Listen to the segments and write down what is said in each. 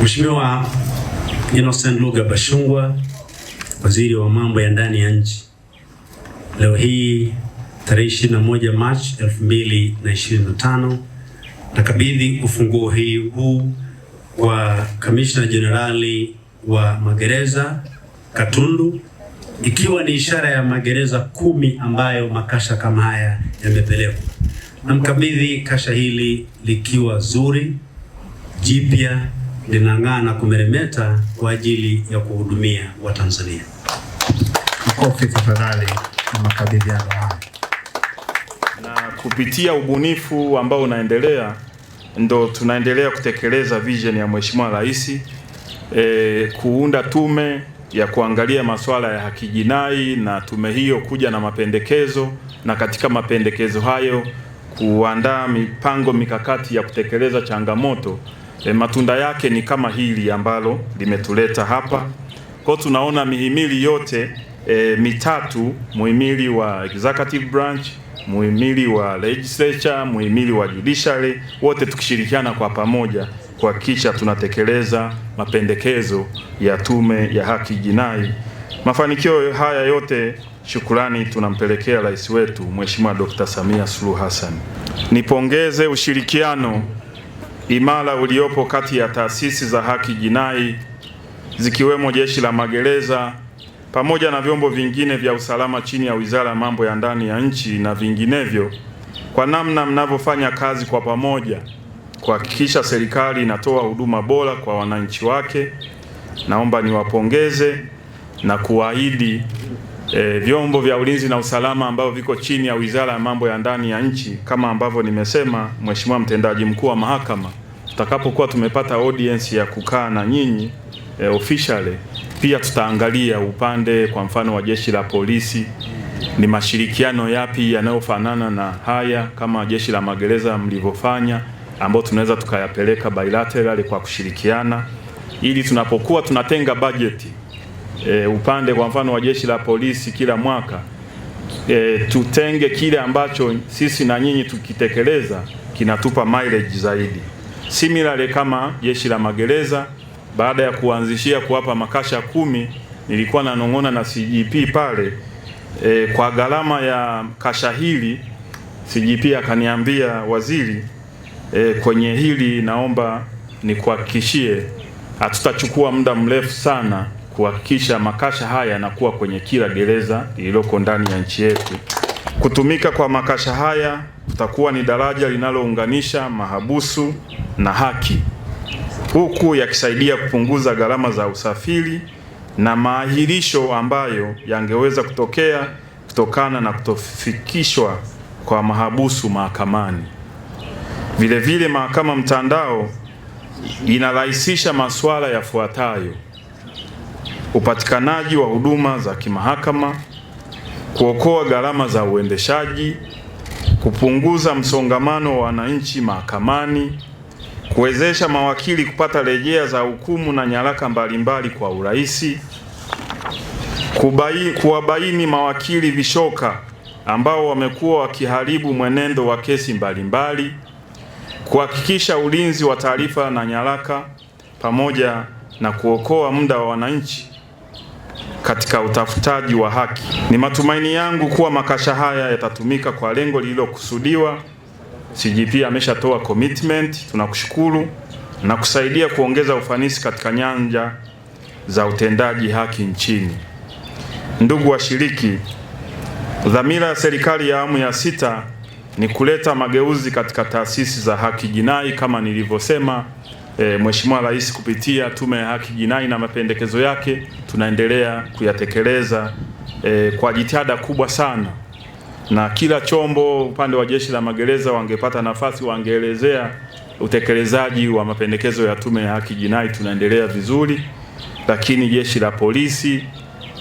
Mheshimiwa Innocent Luga Bashungwa, waziri wa mambo ya ndani ya nchi, leo hii tarehe 21 Machi 2025 nakabidhi ufunguo hii huu kwa kamishna jenerali wa magereza Katundu, ikiwa ni ishara ya magereza kumi ambayo makasha kama haya yamepelekwa. Namkabidhi kasha hili likiwa zuri jipya linang'aa na kumeremeta kwa ajili ya kuhudumia Watanzania. Makofi tafadhali na makabidhiano haya. Na kupitia ubunifu ambao unaendelea ndo tunaendelea kutekeleza vision ya Mheshimiwa Rais e, kuunda tume ya kuangalia masuala ya haki jinai na tume hiyo kuja na mapendekezo na katika mapendekezo hayo kuandaa mipango mikakati ya kutekeleza changamoto e, matunda yake ni kama hili ambalo limetuleta hapa. Kwa tunaona mihimili yote e, mitatu, muhimili wa executive branch, muhimili wa legislature, muhimili wa judiciary, wote tukishirikiana kwa pamoja kuhakikisha tunatekeleza mapendekezo ya Tume ya Haki Jinai. Mafanikio haya yote shukurani tunampelekea rais wetu Mheshimiwa Dr. Samia Suluhu Hassan. Nipongeze ushirikiano imara uliopo kati ya taasisi za haki jinai zikiwemo Jeshi la Magereza pamoja na vyombo vingine vya usalama chini ya Wizara ya Mambo ya Ndani ya Nchi na vinginevyo, kwa namna mnavyofanya kazi kwa pamoja kuhakikisha serikali inatoa huduma bora kwa wananchi wake. Naomba niwapongeze na kuahidi e, vyombo vya ulinzi na usalama ambavyo viko chini ya Wizara ya Mambo ya Ndani ya nchi, kama ambavyo nimesema, Mheshimiwa mtendaji mkuu wa mahakama, tutakapokuwa tumepata audience ya kukaa na nyinyi e, officially pia tutaangalia upande kwa mfano wa jeshi la polisi, ni mashirikiano yapi yanayofanana na haya kama jeshi la magereza mlivyofanya, ambao tunaweza tukayapeleka bilateral kwa kushirikiana, ili tunapokuwa tunatenga bajeti e, upande kwa mfano wa jeshi la polisi kila mwaka e, tutenge kile ambacho sisi na nyinyi tukitekeleza kinatupa mileage zaidi. Similarly kama jeshi la magereza, baada ya kuanzishia kuwapa makasha kumi, nilikuwa nanong'ona na CGP pale e, kwa gharama ya kasha hili CGP akaniambia waziri, e, kwenye hili naomba nikuhakikishie hatutachukua muda mrefu sana kuhakikisha makasha haya yanakuwa kwenye kila gereza lililoko ndani ya nchi yetu. Kutumika kwa makasha haya kutakuwa ni daraja linalounganisha mahabusu na haki, huku yakisaidia kupunguza gharama za usafiri na maahirisho ambayo yangeweza kutokea kutokana na kutofikishwa kwa mahabusu mahakamani. Vilevile, mahakama mtandao inarahisisha masuala yafuatayo: upatikanaji wa huduma za kimahakama, kuokoa gharama za uendeshaji, kupunguza msongamano wa wananchi mahakamani, kuwezesha mawakili kupata rejea za hukumu na nyaraka mbalimbali kwa urahisi, kuwabaini mawakili vishoka ambao wamekuwa wakiharibu mwenendo wa kesi mbalimbali, kuhakikisha ulinzi wa taarifa na nyaraka pamoja na kuokoa muda wa wananchi katika utafutaji wa haki. Ni matumaini yangu kuwa makasha haya yatatumika kwa lengo lililokusudiwa. CGP ameshatoa commitment, tunakushukuru na kusaidia kuongeza ufanisi katika nyanja za utendaji haki nchini. Ndugu washiriki, dhamira ya serikali ya awamu ya sita ni kuleta mageuzi katika taasisi za haki jinai kama nilivyosema e, Mheshimiwa Rais kupitia Tume ya Haki Jinai na mapendekezo yake tunaendelea kuyatekeleza e, kwa jitihada kubwa sana, na kila chombo upande wa Jeshi la Magereza wangepata nafasi wangeelezea utekelezaji wa mapendekezo ya Tume ya Haki Jinai, tunaendelea vizuri, lakini Jeshi la Polisi,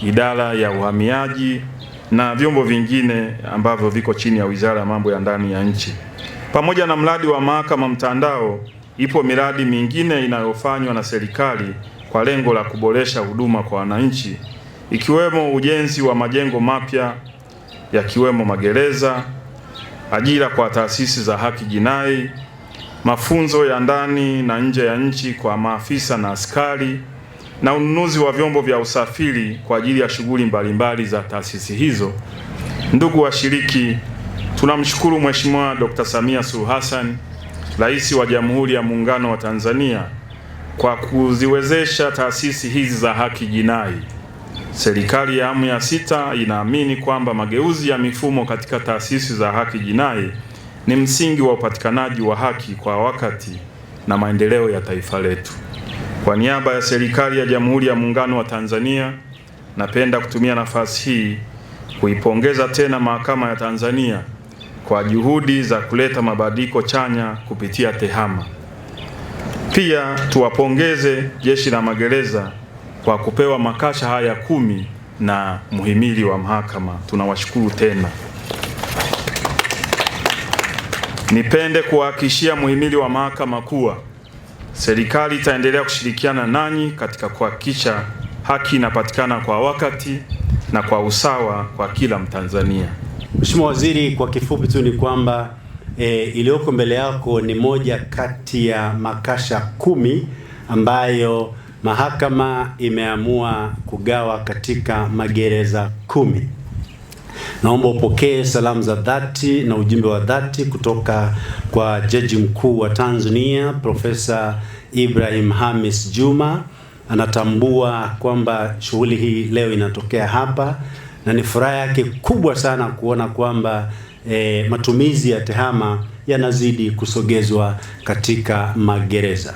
idara ya uhamiaji na vyombo vingine ambavyo viko chini ya Wizara ya Mambo ya Ndani ya Nchi pamoja na mradi wa mahakama mtandao ipo miradi mingine inayofanywa na serikali kwa lengo la kuboresha huduma kwa wananchi ikiwemo ujenzi wa majengo mapya yakiwemo magereza, ajira kwa taasisi za haki jinai, mafunzo ya ndani na nje ya nchi kwa maafisa na askari na ununuzi wa vyombo vya usafiri kwa ajili ya shughuli mbalimbali za taasisi hizo. Ndugu washiriki, tunamshukuru Mheshimiwa Dr. Samia Suluhu Hassan Rais wa Jamhuri ya Muungano wa Tanzania kwa kuziwezesha taasisi hizi za haki jinai. Serikali ya awamu ya sita inaamini kwamba mageuzi ya mifumo katika taasisi za haki jinai ni msingi wa upatikanaji wa haki kwa wakati na maendeleo ya taifa letu. Kwa niaba ya serikali ya Jamhuri ya Muungano wa Tanzania, napenda kutumia nafasi hii kuipongeza tena Mahakama ya Tanzania kwa juhudi za kuleta mabadiliko chanya kupitia TEHAMA. Pia tuwapongeze Jeshi la Magereza kwa kupewa makasha haya kumi na muhimili wa mahakama. Tunawashukuru tena. Nipende kuwahakikishia muhimili wa mahakama kuwa serikali itaendelea kushirikiana nanyi katika kuhakikisha haki inapatikana kwa wakati na kwa usawa kwa kila Mtanzania. Mheshimiwa Waziri, kwa kifupi tu ni kwamba e, iliyoko mbele yako ni moja kati ya makasha kumi ambayo mahakama imeamua kugawa katika magereza kumi. Naomba upokee salamu za dhati na ujumbe wa dhati kutoka kwa Jaji Mkuu wa Tanzania Profesa Ibrahim Hamis Juma. Anatambua kwamba shughuli hii leo inatokea hapa na ni furaha yake kubwa sana kuona kwamba e, matumizi ya tehama yanazidi kusogezwa katika magereza.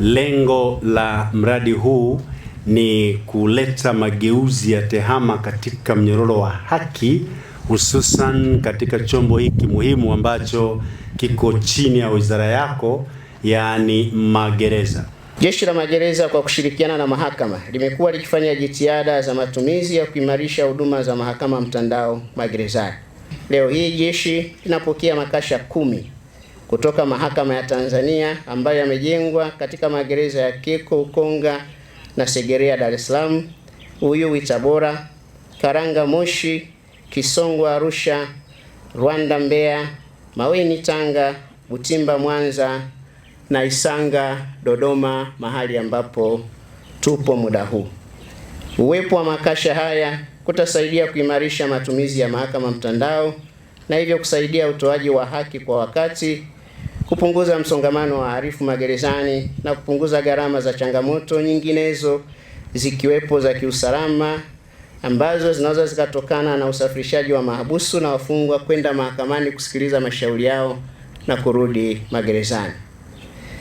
Lengo la mradi huu ni kuleta mageuzi ya tehama katika mnyororo wa haki, hususan katika chombo hiki muhimu ambacho kiko chini ya wizara yako, yaani magereza. Jeshi la Magereza kwa kushirikiana na mahakama limekuwa likifanya jitihada za matumizi ya kuimarisha huduma za mahakama mtandao magerezani. Leo hii jeshi linapokea makasha kumi kutoka mahakama ya Tanzania ambayo yamejengwa katika magereza ya Keko, Ukonga na Segerea Dar es Salaam, Uyui Tabora, Karanga Moshi, Kisongwa Arusha, Rwanda Mbeya, Maweni Tanga, Butimba Mwanza na Isanga Dodoma, mahali ambapo tupo muda huu. Uwepo wa makasha haya kutasaidia kuimarisha matumizi ya mahakama mtandao na hivyo kusaidia utoaji wa haki kwa wakati, kupunguza msongamano wa harifu magerezani na kupunguza gharama za changamoto nyinginezo zikiwepo za kiusalama ambazo zinaweza zikatokana na usafirishaji wa mahabusu na wafungwa kwenda mahakamani kusikiliza mashauri yao na kurudi magerezani.